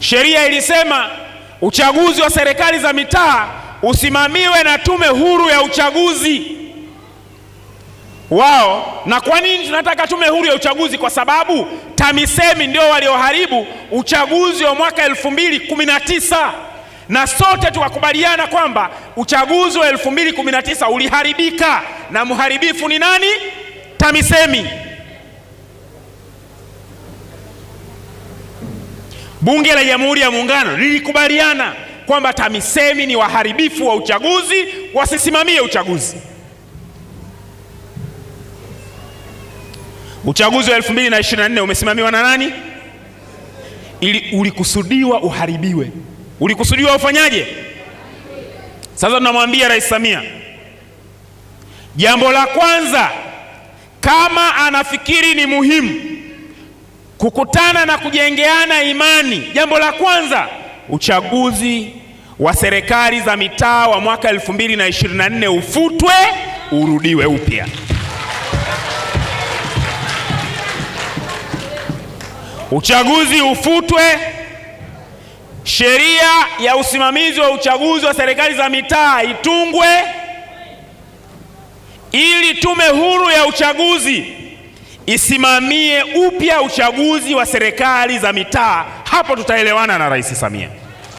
Sheria ilisema uchaguzi wa serikali za mitaa usimamiwe na tume huru ya uchaguzi wao. Na kwa nini tunataka tume huru ya uchaguzi? Kwa sababu TAMISEMI ndio walioharibu uchaguzi wa mwaka 2019 na sote tukakubaliana kwamba uchaguzi wa 2019 uliharibika, na mharibifu ni nani? TAMISEMI. Bunge la Jamhuri ya Muungano lilikubaliana kwamba TAMISEMI ni waharibifu wa uchaguzi, wasisimamie uchaguzi. Uchaguzi wa 2024 umesimamiwa na nani? Ili ulikusudiwa uharibiwe, ulikusudiwa ufanyaje? Sasa tunamwambia Rais Samia, jambo la kwanza, kama anafikiri ni muhimu kukutana na kujengeana imani. Jambo la kwanza, uchaguzi wa serikali za mitaa wa mwaka 2024 ufutwe, urudiwe upya. Uchaguzi ufutwe. Sheria ya usimamizi wa uchaguzi wa serikali za mitaa itungwe ili tume huru ya uchaguzi isimamie upya uchaguzi wa serikali za mitaa. Hapo tutaelewana na Rais Samia.